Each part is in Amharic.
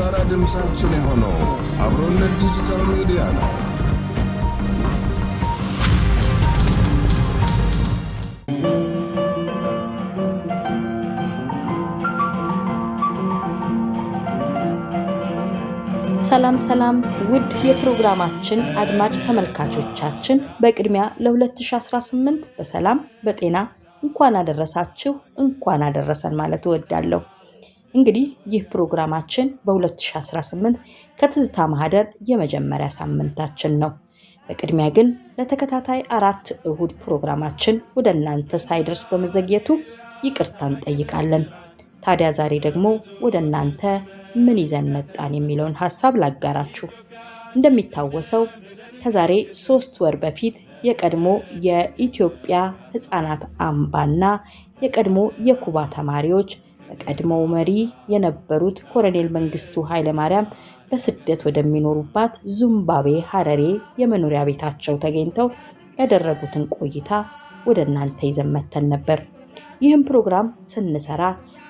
የጋራ ድምፃችን የሆነው አብሮነት ዲጂታል ሚዲያ ነው። ሰላም ሰላም ውድ የፕሮግራማችን አድማጭ ተመልካቾቻችን፣ በቅድሚያ ለ2018 በሰላም በጤና እንኳን አደረሳችሁ እንኳን አደረሰን ማለት እወዳለሁ። እንግዲህ ይህ ፕሮግራማችን በ2018 ከትዝታ ማህደር የመጀመሪያ ሳምንታችን ነው። በቅድሚያ ግን ለተከታታይ አራት እሁድ ፕሮግራማችን ወደ እናንተ ሳይደርስ በመዘግየቱ ይቅርታ እንጠይቃለን። ታዲያ ዛሬ ደግሞ ወደ እናንተ ምን ይዘን መጣን የሚለውን ሀሳብ ላጋራችሁ። እንደሚታወሰው ከዛሬ ሶስት ወር በፊት የቀድሞ የኢትዮጵያ ሕፃናት አምባና የቀድሞ የኩባ ተማሪዎች በቀድሞው መሪ የነበሩት ኮሎኔል መንግስቱ ኃይለማርያም በስደት ወደሚኖሩባት ዙምባብዌ ሀረሬ የመኖሪያ ቤታቸው ተገኝተው ያደረጉትን ቆይታ ወደ እናንተ ይዘን መተን ነበር። ይህም ፕሮግራም ስንሰራ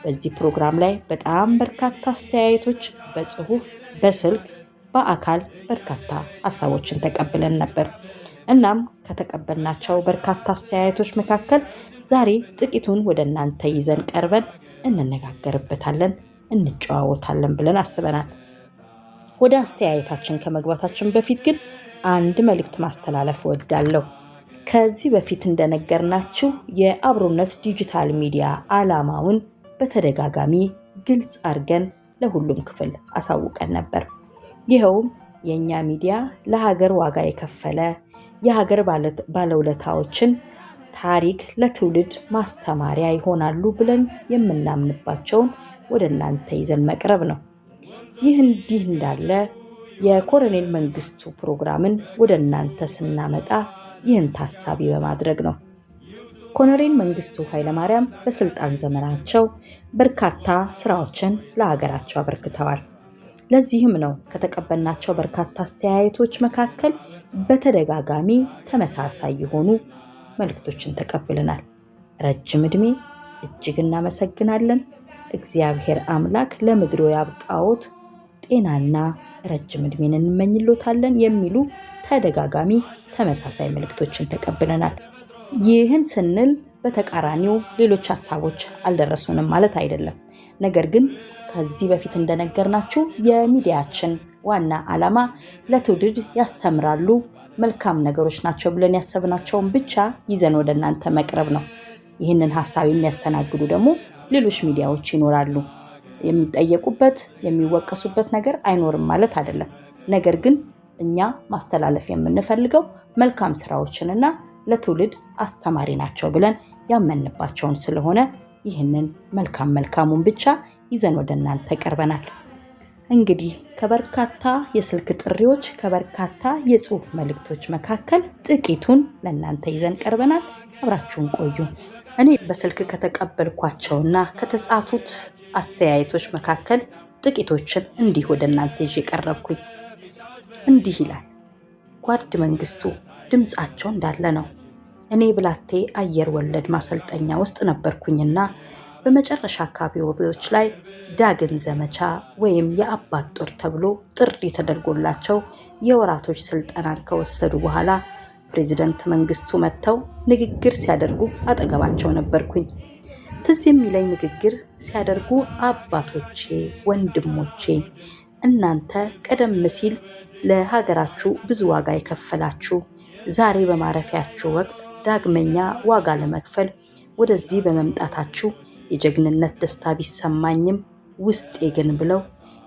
በዚህ ፕሮግራም ላይ በጣም በርካታ አስተያየቶች በጽሁፍ፣ በስልክ፣ በአካል በርካታ ሀሳቦችን ተቀብለን ነበር። እናም ከተቀበልናቸው በርካታ አስተያየቶች መካከል ዛሬ ጥቂቱን ወደ እናንተ ይዘን ቀርበን እንነጋገርበታለን፣ እንጨዋወታለን ብለን አስበናል። ወደ አስተያየታችን ከመግባታችን በፊት ግን አንድ መልእክት ማስተላለፍ እወዳለሁ። ከዚህ በፊት እንደነገርናችሁ የአብሮነት ዲጂታል ሚዲያ ዓላማውን በተደጋጋሚ ግልጽ አድርገን ለሁሉም ክፍል አሳውቀን ነበር። ይኸውም የእኛ ሚዲያ ለሀገር ዋጋ የከፈለ የሀገር ባለውለታዎችን ታሪክ ለትውልድ ማስተማሪያ ይሆናሉ ብለን የምናምንባቸውን ወደ እናንተ ይዘን መቅረብ ነው። ይህ እንዲህ እንዳለ የኮሎኔል መንግስቱ ፕሮግራምን ወደ እናንተ ስናመጣ ይህን ታሳቢ በማድረግ ነው። ኮሎኔል መንግስቱ ኃይለማርያም በስልጣን ዘመናቸው በርካታ ስራዎችን ለሀገራቸው አበርክተዋል። ለዚህም ነው ከተቀበልናቸው በርካታ አስተያየቶች መካከል በተደጋጋሚ ተመሳሳይ የሆኑ መልእክቶችን ተቀብለናል። ረጅም ዕድሜ፣ እጅግ እናመሰግናለን። እግዚአብሔር አምላክ ለምድሮ ያብቃዎት፣ ጤናና ረጅም ዕድሜን እንመኝሎታለን የሚሉ ተደጋጋሚ ተመሳሳይ መልእክቶችን ተቀብለናል። ይህን ስንል በተቃራኒው ሌሎች ሀሳቦች አልደረሱንም ማለት አይደለም። ነገር ግን ከዚህ በፊት እንደነገርናችሁ የሚዲያችን ዋና ዓላማ ለትውልድ ያስተምራሉ መልካም ነገሮች ናቸው ብለን ያሰብናቸውን ብቻ ይዘን ወደ እናንተ መቅረብ ነው። ይህንን ሀሳብ የሚያስተናግዱ ደግሞ ሌሎች ሚዲያዎች ይኖራሉ። የሚጠየቁበት የሚወቀሱበት ነገር አይኖርም ማለት አይደለም። ነገር ግን እኛ ማስተላለፍ የምንፈልገው መልካም ስራዎችንና ለትውልድ አስተማሪ ናቸው ብለን ያመንባቸውን ስለሆነ ይህንን መልካም መልካሙን ብቻ ይዘን ወደ እናንተ ቀርበናል። እንግዲህ ከበርካታ የስልክ ጥሪዎች ከበርካታ የጽሁፍ መልእክቶች መካከል ጥቂቱን ለእናንተ ይዘን ቀርበናል። አብራችሁን ቆዩ። እኔ በስልክ ከተቀበልኳቸውና ከተጻፉት አስተያየቶች መካከል ጥቂቶችን እንዲህ ወደ እናንተ ይዤ ቀረብኩኝ። እንዲህ ይላል ጓድ መንግስቱ፣ ድምፃቸው እንዳለ ነው። እኔ ብላቴ አየር ወለድ ማሰልጠኛ ውስጥ ነበርኩኝና በመጨረሻ አካባቢዎች ላይ ዳግም ዘመቻ ወይም የአባት ጦር ተብሎ ጥሪ ተደርጎላቸው የወራቶች ስልጠናን ከወሰዱ በኋላ ፕሬዚደንት መንግስቱ መጥተው ንግግር ሲያደርጉ አጠገባቸው ነበርኩኝ። ትዝ የሚለኝ ንግግር ሲያደርጉ አባቶቼ፣ ወንድሞቼ እናንተ ቀደም ሲል ለሀገራችሁ ብዙ ዋጋ የከፈላችሁ ዛሬ በማረፊያችሁ ወቅት ዳግመኛ ዋጋ ለመክፈል ወደዚህ በመምጣታችሁ የጀግንነት ደስታ ቢሰማኝም ውስጤ ግን ብለው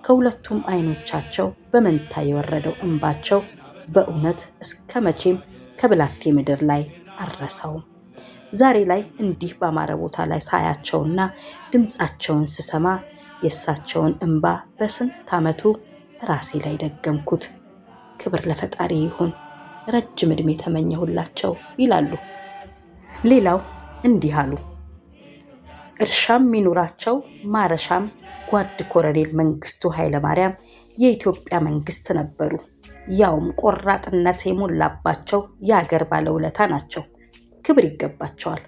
ከሁለቱም አይኖቻቸው በመንታ የወረደው እንባቸው በእውነት እስከ መቼም ከብላቴ ምድር ላይ አረሰውም። ዛሬ ላይ እንዲህ ባማረ ቦታ ላይ ሳያቸውና ድምፃቸውን ስሰማ የእሳቸውን እንባ በስንት ዓመቱ ራሴ ላይ ደገምኩት። ክብር ለፈጣሪ ይሁን፣ ረጅም ዕድሜ ተመኘሁላቸው ይላሉ። ሌላው እንዲህ አሉ። እርሻም ሚኖራቸው ማረሻም ጓድ ኮረኔል መንግስቱ ኃይለማርያም የኢትዮጵያ መንግስት ነበሩ። ያውም ቆራጥነት የሞላባቸው የአገር ባለውለታ ናቸው። ክብር ይገባቸዋል።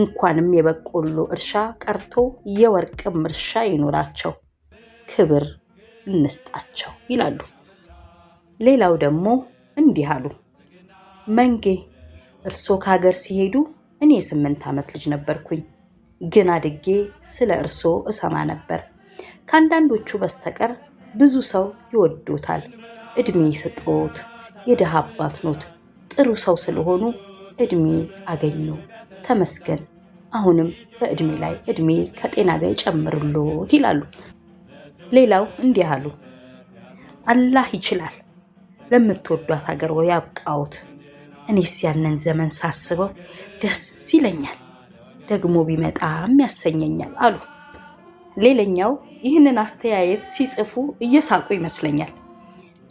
እንኳንም የበቆሎ እርሻ ቀርቶ የወርቅም እርሻ ይኖራቸው፣ ክብር እንስጣቸው ይላሉ። ሌላው ደግሞ እንዲህ አሉ። መንጌ እርሶ ከሀገር ሲሄዱ እኔ የስምንት ዓመት ልጅ ነበርኩኝ። ግን አድጌ ስለ እርሶ እሰማ ነበር። ከአንዳንዶቹ በስተቀር ብዙ ሰው ይወዶታል። እድሜ ስጦት፣ የድሃ አባት ኖት፣ ጥሩ ሰው ስለሆኑ እድሜ አገኙ፣ ተመስገን። አሁንም በእድሜ ላይ እድሜ ከጤና ጋር ይጨምርሎት ይላሉ። ሌላው እንዲህ አሉ። አላህ ይችላል። ለምትወዷት ሀገር ያብቃዎት። እኔስ ያንን ዘመን ሳስበው ደስ ይለኛል። ደግሞ ቢመጣም ያሰኘኛል አሉ። ሌላኛው ይህንን አስተያየት ሲጽፉ እየሳቁ ይመስለኛል።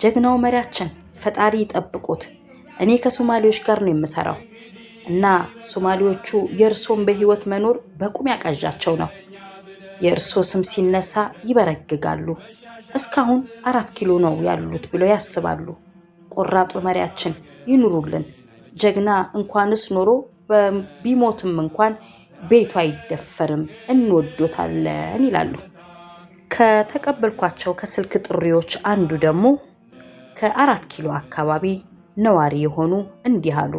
ጀግናው መሪያችን ፈጣሪ ይጠብቁት። እኔ ከሶማሌዎች ጋር ነው የምሰራው እና ሶማሌዎቹ የእርሶን በህይወት መኖር በቁም ያቃዣቸው ነው። የእርሶ ስም ሲነሳ ይበረግጋሉ። እስካሁን አራት ኪሎ ነው ያሉት ብለው ያስባሉ። ቆራጡ መሪያችን ይኑሩልን። ጀግና እንኳንስ ኖሮ ቢሞትም እንኳን ቤቱ አይደፈርም እንወዶታለን ይላሉ። ከተቀበልኳቸው ከስልክ ጥሪዎች አንዱ ደግሞ ከአራት ኪሎ አካባቢ ነዋሪ የሆኑ እንዲህ አሉ።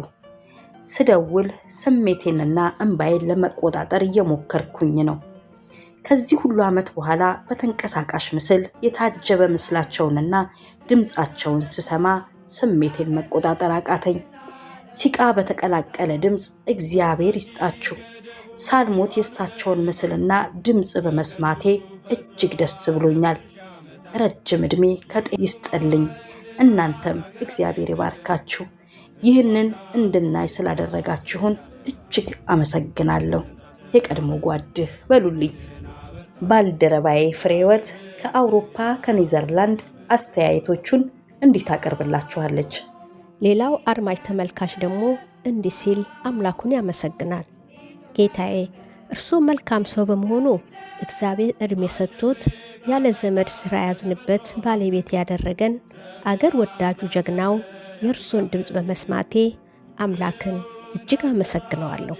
ስደውል ስሜቴንና እምባዬን ለመቆጣጠር እየሞከርኩኝ ነው። ከዚህ ሁሉ ዓመት በኋላ በተንቀሳቃሽ ምስል የታጀበ ምስላቸውንና ድምፃቸውን ስሰማ ስሜቴን መቆጣጠር አቃተኝ። ሲቃ በተቀላቀለ ድምፅ እግዚአብሔር ይስጣችሁ ሳልሞት የእሳቸውን ምስልና ድምፅ በመስማቴ እጅግ ደስ ብሎኛል። ረጅም ዕድሜ ከጤና ይስጠልኝ። እናንተም እግዚአብሔር ይባርካችሁ። ይህንን እንድናይ ስላደረጋችሁን እጅግ አመሰግናለሁ። የቀድሞ ጓድህ በሉልኝ። ባልደረባዬ ፍሬ ህይወት ከአውሮፓ ከኔዘርላንድ አስተያየቶቹን እንዲህ ታቀርብላችኋለች። ሌላው አድማጭ ተመልካች ደግሞ እንዲህ ሲል አምላኩን ያመሰግናል። ጌታዬ እርሱ መልካም ሰው በመሆኑ እግዚአብሔር እድሜ ሰጥቶት ያለ ዘመድ ሥራ ያዝንበት ባለቤት ያደረገን አገር ወዳጁ ጀግናው የእርሶን ድምፅ በመስማቴ አምላክን እጅግ አመሰግነዋለሁ።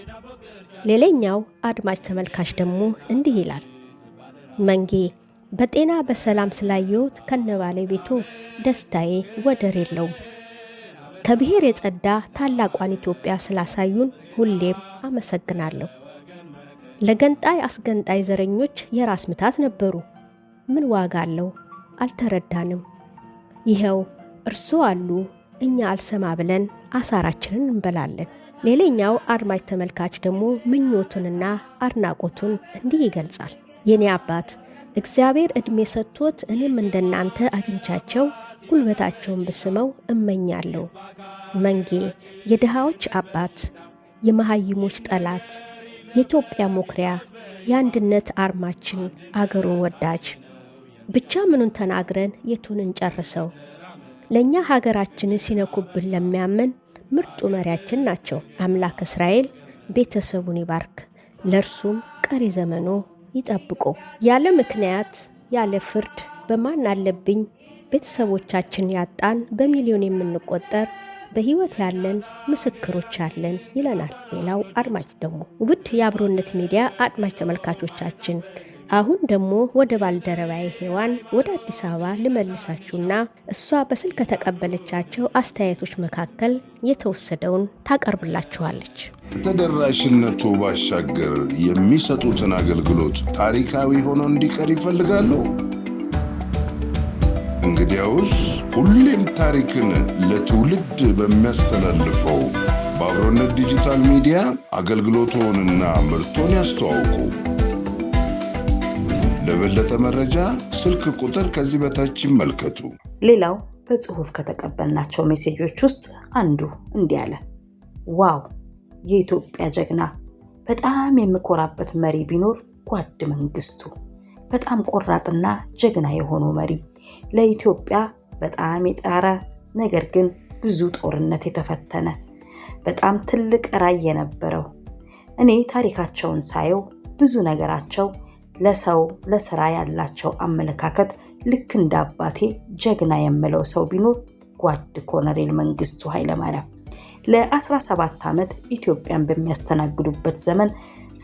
ሌላኛው አድማጭ ተመልካች ደግሞ እንዲህ ይላል። መንጌ በጤና በሰላም ስላየሁት ከነ ባለቤቱ ደስታዬ ወደር የለውም። ከብሔር የጸዳ ታላቋን ኢትዮጵያ ስላሳዩን ሁሌም አመሰግናለሁ። ለገንጣይ አስገንጣይ ዘረኞች የራስ ምታት ነበሩ። ምን ዋጋ አለው? አልተረዳንም። ይኸው እርሶ አሉ እኛ አልሰማ ብለን አሳራችንን እንበላለን። ሌላኛው አድማጭ ተመልካች ደግሞ ምኞቱንና አድናቆቱን እንዲህ ይገልጻል። የኔ አባት እግዚአብሔር ዕድሜ ሰጥቶት እኔም እንደናንተ አግኝቻቸው ጉልበታቸውን ብስመው እመኛለሁ። መንጌ የድሃዎች አባት፣ የመሐይሞች ጠላት፣ የኢትዮጵያ ሞክሪያ የአንድነት አርማችን፣ አገሩን ወዳጅ። ብቻ ምኑን ተናግረን የቱን እንጨርሰው? ለእኛ ሀገራችንን ሲነኩብን ለሚያምን ምርጡ መሪያችን ናቸው። አምላክ እስራኤል ቤተሰቡን ይባርክ፣ ለእርሱም ቀሪ ዘመኖ ይጠብቆ። ያለ ምክንያት ያለ ፍርድ በማን አለብኝ ቤተሰቦቻችን ያጣን በሚሊዮን የምንቆጠር በህይወት ያለን ምስክሮች አለን ይለናል ሌላው አድማጭ ደግሞ። ውድ የአብሮነት ሚዲያ አድማጭ ተመልካቾቻችን አሁን ደግሞ ወደ ባልደረባዬ ሔዋን ወደ አዲስ አበባ ልመልሳችሁና እሷ በስልክ ከተቀበለቻቸው አስተያየቶች መካከል የተወሰደውን ታቀርብላችኋለች። ተደራሽነቱ ባሻገር የሚሰጡትን አገልግሎት ታሪካዊ ሆኖ እንዲቀር ይፈልጋሉ። እንግዲያውስ ሁሌም ታሪክን ለትውልድ በሚያስተላልፈው በአብሮነት ዲጂታል ሚዲያ አገልግሎቶንና ምርቶን ያስተዋውቁ። ለበለጠ መረጃ ስልክ ቁጥር ከዚህ በታች ይመልከቱ። ሌላው በጽሁፍ ከተቀበልናቸው ሜሴጆች ውስጥ አንዱ እንዲህ አለ። ዋው የኢትዮጵያ ጀግና! በጣም የምኮራበት መሪ ቢኖር ጓድ መንግስቱ፣ በጣም ቆራጥና ጀግና የሆነው መሪ ለኢትዮጵያ በጣም የጣረ ነገር ግን ብዙ ጦርነት የተፈተነ በጣም ትልቅ ራዕይ የነበረው እኔ ታሪካቸውን ሳየው ብዙ ነገራቸው ለሰው ለስራ ያላቸው አመለካከት ልክ እንደ አባቴ ጀግና የምለው ሰው ቢኖር ጓድ ኮሎኔል መንግስቱ ኃይለማርያም ለ17 ዓመት ኢትዮጵያን በሚያስተናግዱበት ዘመን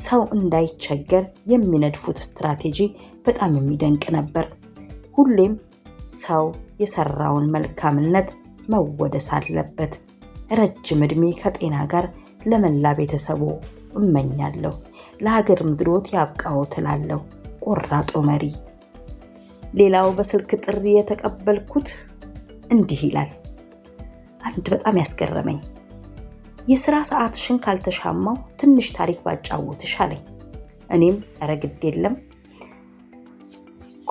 ሰው እንዳይቸገር የሚነድፉት ስትራቴጂ በጣም የሚደንቅ ነበር። ሁሌም ሰው የሰራውን መልካምነት መወደስ አለበት። ረጅም ዕድሜ ከጤና ጋር ለመላ ቤተሰቦ እመኛለሁ። ለሀገር ምድሮት ያብቃው ትላለሁ ቆራጦ መሪ። ሌላው በስልክ ጥሪ የተቀበልኩት እንዲህ ይላል። አንድ በጣም ያስገረመኝ የሥራ ሰዓትሽን ካልተሻማው ትንሽ ታሪክ ባጫወትሽ አለኝ። እኔም እረ ግድ የለም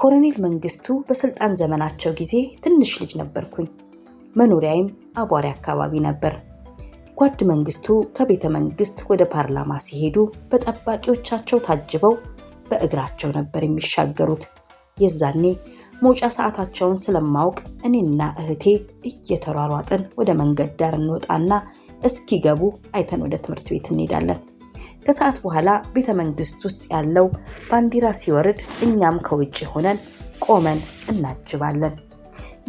ኮሎኔል መንግስቱ በስልጣን ዘመናቸው ጊዜ ትንሽ ልጅ ነበርኩኝ። መኖሪያዬም አቧሪ አካባቢ ነበር። ጓድ መንግስቱ ከቤተ መንግስት ወደ ፓርላማ ሲሄዱ በጠባቂዎቻቸው ታጅበው በእግራቸው ነበር የሚሻገሩት። የዛኔ መውጫ ሰዓታቸውን ስለማውቅ እኔና እህቴ እየተሯሯጥን ወደ መንገድ ዳር እንወጣና እስኪገቡ አይተን ወደ ትምህርት ቤት እንሄዳለን። ከሰዓት በኋላ ቤተ መንግስት ውስጥ ያለው ባንዲራ ሲወርድ እኛም ከውጭ ሆነን ቆመን እናጅባለን።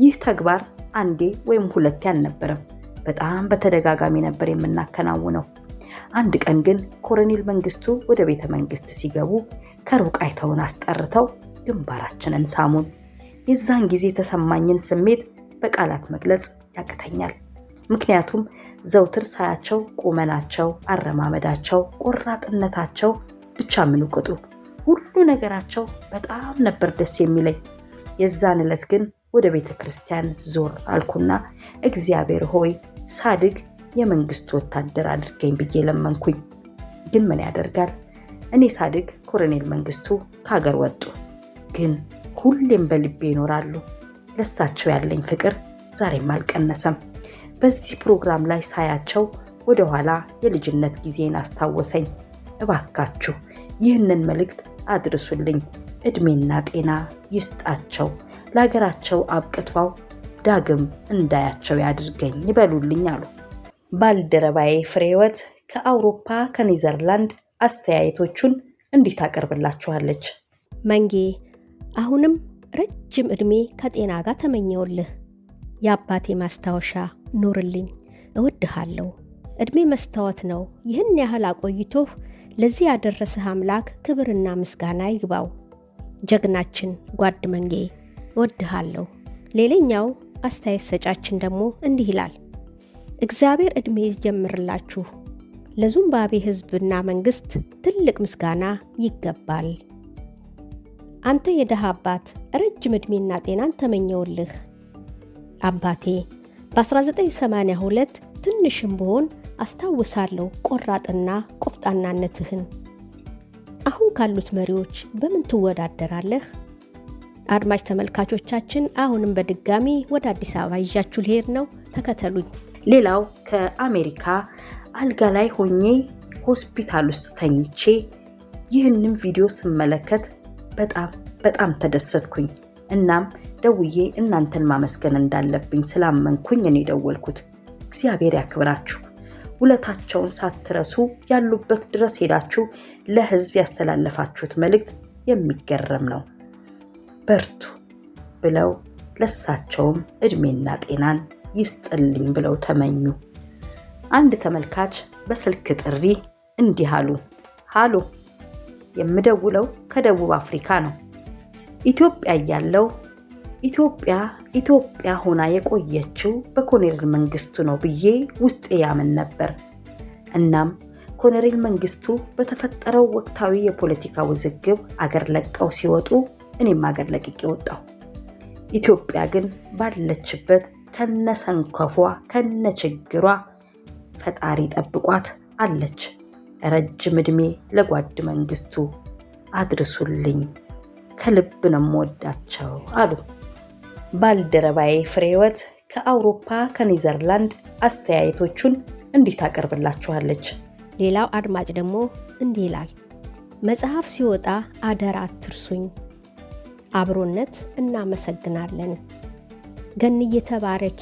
ይህ ተግባር አንዴ ወይም ሁለቴ አልነበረም፣ በጣም በተደጋጋሚ ነበር የምናከናውነው። አንድ ቀን ግን ኮሎኔል መንግስቱ ወደ ቤተ መንግስት ሲገቡ ከሩቅ አይተውን አስጠርተው ግንባራችንን ሳሙን። የዛን ጊዜ የተሰማኝን ስሜት በቃላት መግለጽ ያቅተኛል። ምክንያቱም ዘውትር ሳያቸው ቁመናቸው፣ አረማመዳቸው፣ ቆራጥነታቸው ብቻ ምንቅጡ ሁሉ ነገራቸው በጣም ነበር ደስ የሚለኝ። የዛን ዕለት ግን ወደ ቤተ ክርስቲያን ዞር አልኩና እግዚአብሔር ሆይ ሳድግ የመንግስት ወታደር አድርገኝ ብዬ ለመንኩኝ። ግን ምን ያደርጋል እኔ ሳድግ ኮሎኔል መንግስቱ ከሀገር ወጡ። ግን ሁሌም በልቤ ይኖራሉ። ለሳቸው ያለኝ ፍቅር ዛሬም አልቀነሰም። በዚህ ፕሮግራም ላይ ሳያቸው ወደኋላ የልጅነት ጊዜን አስታወሰኝ። እባካችሁ ይህንን መልእክት አድርሱልኝ። እድሜና ጤና ይስጣቸው፣ ለሀገራቸው አብቅቷው ዳግም እንዳያቸው ያድርገኝ ይበሉልኝ አሉ። ባልደረባዬ ፍሬህይወት ከአውሮፓ ከኔዘርላንድ አስተያየቶቹን እንዲህ ታቀርብላችኋለች። መንጌ አሁንም ረጅም ዕድሜ ከጤና ጋር ተመኘውልህ። የአባቴ ማስታወሻ ኑርልኝ፣ እወድሃለሁ። ዕድሜ መስታወት ነው። ይህን ያህል አቆይቶህ ለዚህ ያደረሰህ አምላክ ክብርና ምስጋና ይግባው። ጀግናችን ጓድ መንጌ እወድሃለሁ። ሌላኛው አስተያየት ሰጫችን ደግሞ እንዲህ ይላል። እግዚአብሔር ዕድሜ ይጀምርላችሁ። ለዙምባቤ ሕዝብና መንግሥት ትልቅ ምስጋና ይገባል። አንተ የደሃ አባት ረጅም ዕድሜና ጤናን ተመኘውልህ አባቴ በ1982 ትንሽም ብሆን አስታውሳለሁ ቆራጥና ቆፍጣናነትህን። አሁን ካሉት መሪዎች በምን ትወዳደራለህ? አድማጭ ተመልካቾቻችን አሁንም በድጋሚ ወደ አዲስ አበባ ይዣችሁ ልሄድ ነው፣ ተከተሉኝ። ሌላው ከአሜሪካ አልጋ ላይ ሆኜ ሆስፒታል ውስጥ ተኝቼ ይህንም ቪዲዮ ስመለከት በጣም በጣም ተደሰትኩኝ። እናም ደውዬ እናንተን ማመስገን እንዳለብኝ ስላመንኩኝ እኔ ደወልኩት። እግዚአብሔር ያክብራችሁ። ውለታቸውን ሳትረሱ ያሉበት ድረስ ሄዳችሁ ለህዝብ ያስተላለፋችሁት መልእክት የሚገርም ነው። በርቱ ብለው ለሳቸውም እድሜና ጤናን ይስጥልኝ ብለው ተመኙ። አንድ ተመልካች በስልክ ጥሪ እንዲህ አሉ። ሃሎ፣ የምደውለው ከደቡብ አፍሪካ ነው። ኢትዮጵያ ያለው ኢትዮጵያ ኢትዮጵያ ሆና የቆየችው በኮሎኔል መንግስቱ ነው ብዬ ውስጤ ያምን ነበር። እናም ኮሎኔል መንግስቱ በተፈጠረው ወቅታዊ የፖለቲካ ውዝግብ አገር ለቀው ሲወጡ እኔም አገር ለቅቄ ወጣሁ። ኢትዮጵያ ግን ባለችበት ከነሰንከፏ ከነችግሯ ፈጣሪ ጠብቋት አለች። ረጅም ዕድሜ ለጓድ መንግስቱ አድርሱልኝ፣ ከልብ ነው የምወዳቸው አሉ። ባልደረባዬ ፍሬ ህይወት ከአውሮፓ ከኔዘርላንድ አስተያየቶቹን እንዲህ ታቀርብላችኋለች። ሌላው አድማጭ ደግሞ እንዲህ ይላል። መጽሐፍ ሲወጣ አደራ አትርሱኝ። አብሮነት እናመሰግናለን። ገንዬ ተባረኪ።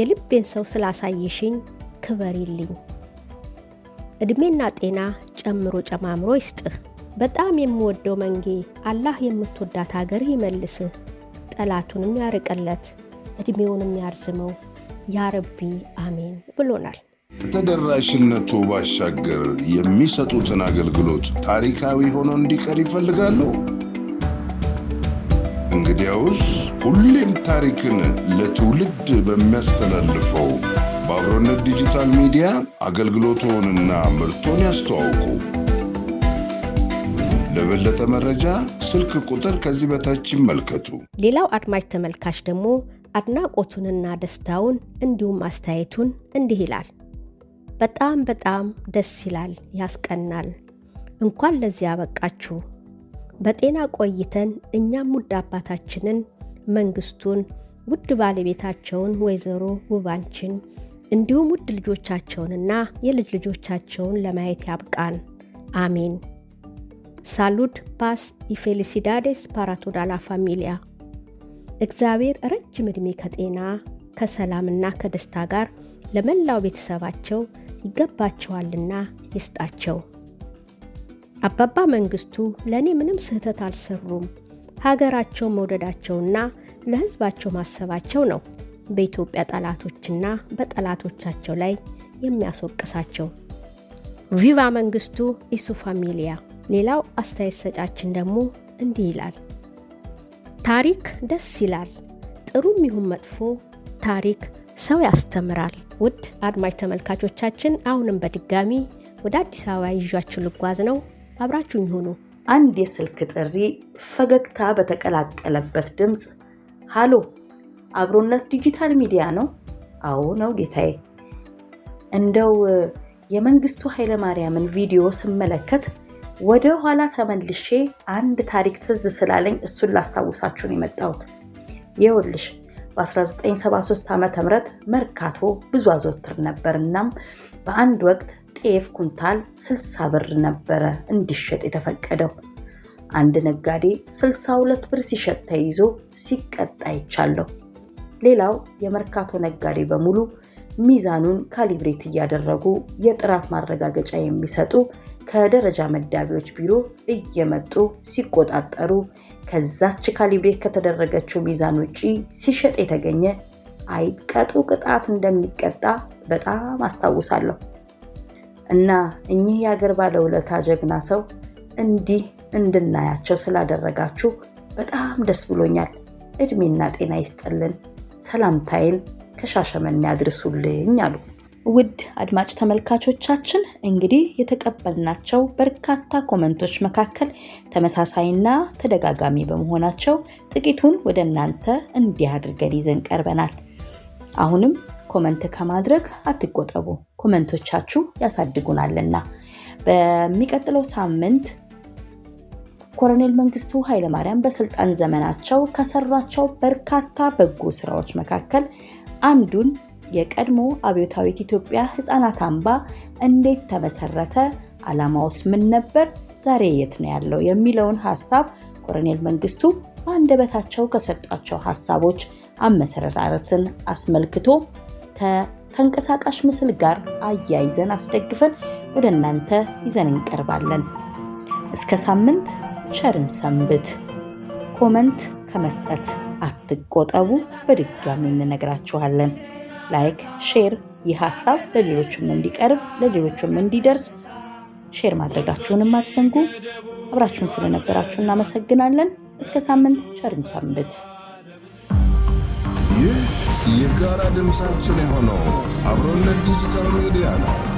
የልቤን ሰው ስላሳየሽኝ ክበሪልኝ። ዕድሜና ጤና ጨምሮ ጨማምሮ ይስጥህ። በጣም የምወደው መንጌ አላህ የምትወዳት አገርህ ይመልስህ። ጠላቱንም ያርቅለት፣ እድሜውንም ያርዝመው፣ ያረቢ አሜን ብሎናል። ከተደራሽነቱ ባሻገር የሚሰጡትን አገልግሎት ታሪካዊ ሆኖ እንዲቀር ይፈልጋሉ። እንግዲያውስ ሁሌም ታሪክን ለትውልድ በሚያስተላልፈው በአብሮነት ዲጂታል ሚዲያ አገልግሎቶንና ምርቶን ያስተዋውቁ። ለበለጠ መረጃ ስልክ ቁጥር ከዚህ በታች ይመልከቱ። ሌላው አድማጭ ተመልካች ደግሞ አድናቆቱንና ደስታውን እንዲሁም አስተያየቱን እንዲህ ይላል። በጣም በጣም ደስ ይላል፣ ያስቀናል። እንኳን ለዚህ ያበቃችሁ። በጤና ቆይተን እኛም ውድ አባታችንን መንግስቱን፣ ውድ ባለቤታቸውን ወይዘሮ ውባንችን እንዲሁም ውድ ልጆቻቸውንና የልጅ ልጆቻቸውን ለማየት ያብቃን። አሜን። ሳሉድ ፓስ ኢፌሊሲዳዴስ ፓራቶዳላ ፋሚሊያ እግዚአብሔር ረጅም ዕድሜ ከጤና ከሰላምና ከደስታ ጋር ለመላው ቤተሰባቸው ይገባቸዋልና ይስጣቸው። አባባ መንግስቱ ለእኔ ምንም ስህተት አልሰሩም። ሀገራቸው መውደዳቸውና ለህዝባቸው ማሰባቸው ነው በኢትዮጵያ ጠላቶችና በጠላቶቻቸው ላይ የሚያስወቅሳቸው። ቪቫ መንግስቱ ኢሱ ፋሚሊያ ሌላው አስተያየት ሰጫችን ደግሞ እንዲህ ይላል። ታሪክ ደስ ይላል። ጥሩም ይሁን መጥፎ ታሪክ ሰው ያስተምራል። ውድ አድማጭ ተመልካቾቻችን አሁንም በድጋሚ ወደ አዲስ አበባ ይዣችሁ ልጓዝ ነው። አብራችሁኝ ሁኑ። አንድ የስልክ ጥሪ ፈገግታ በተቀላቀለበት ድምፅ፣ ሃሎ አብሮነት ዲጂታል ሚዲያ ነው? አዎ ነው ጌታዬ። እንደው የመንግስቱ ኃይለማርያምን ቪዲዮ ስመለከት ወደ ኋላ ተመልሼ አንድ ታሪክ ትዝ ስላለኝ እሱን ላስታውሳችሁ ነው የመጣሁት። ይኸውልሽ በ1973 ዓ ም መርካቶ ብዙ አዘወትር ነበር። እናም በአንድ ወቅት ጤፍ ኩንታል 60 ብር ነበረ እንዲሸጥ የተፈቀደው። አንድ ነጋዴ 62 ብር ሲሸጥ ተይዞ ሲቀጣ አይቻለሁ። ሌላው የመርካቶ ነጋዴ በሙሉ ሚዛኑን ካሊብሬት እያደረጉ የጥራት ማረጋገጫ የሚሰጡ ከደረጃ መዳቢዎች ቢሮ እየመጡ ሲቆጣጠሩ ከዛች ካሊብሬት ከተደረገችው ሚዛን ውጪ ሲሸጥ የተገኘ አይቀጡ ቅጣት እንደሚቀጣ በጣም አስታውሳለሁ። እና እኚህ የአገር ባለውለታ ጀግና ሰው እንዲህ እንድናያቸው ስላደረጋችሁ በጣም ደስ ብሎኛል። እድሜና ጤና ይስጥልን። ሰላምታይን ከሻሸመኔ ያድርሱልኝ። አሉ። ውድ አድማጭ ተመልካቾቻችን እንግዲህ የተቀበልናቸው በርካታ ኮመንቶች መካከል ተመሳሳይና ተደጋጋሚ በመሆናቸው ጥቂቱን ወደ እናንተ እንዲህ አድርገን ይዘን ቀርበናል። አሁንም ኮመንት ከማድረግ አትቆጠቡ፣ ኮመንቶቻችሁ ያሳድጉናልና። በሚቀጥለው ሳምንት ኮሎኔል መንግስቱ ኃይለማርያም በስልጣን ዘመናቸው ከሰሯቸው በርካታ በጎ ስራዎች መካከል አንዱን የቀድሞ አብዮታዊት ኢትዮጵያ ህፃናት አምባ እንዴት ተመሰረተ? ዓላማውስ ምን ነበር? ዛሬ የት ነው ያለው? የሚለውን ሀሳብ ኮሎኔል መንግስቱ በአንደበታቸው ከሰጧቸው ሀሳቦች አመሰራረትን አስመልክቶ ከተንቀሳቃሽ ምስል ጋር አያይዘን አስደግፈን ወደ እናንተ ይዘን እንቀርባለን። እስከ ሳምንት ቸርን ሰንብት። ኮመንት ከመስጠት አትቆጠቡ፣ በድጋሚ እንነግራችኋለን። ላይክ፣ ሼር ይህ ሀሳብ ለሌሎችም እንዲቀርብ ለሌሎችም እንዲደርስ ሼር ማድረጋችሁንም አትዘንጉ። አብራችሁን ስለነበራችሁ እናመሰግናለን። እስከ ሳምንት ቸርን ሳምንት። ይህ የጋራ ድምፃችን የሆነው አብሮነት ዲጂታል ሚዲያ ነው።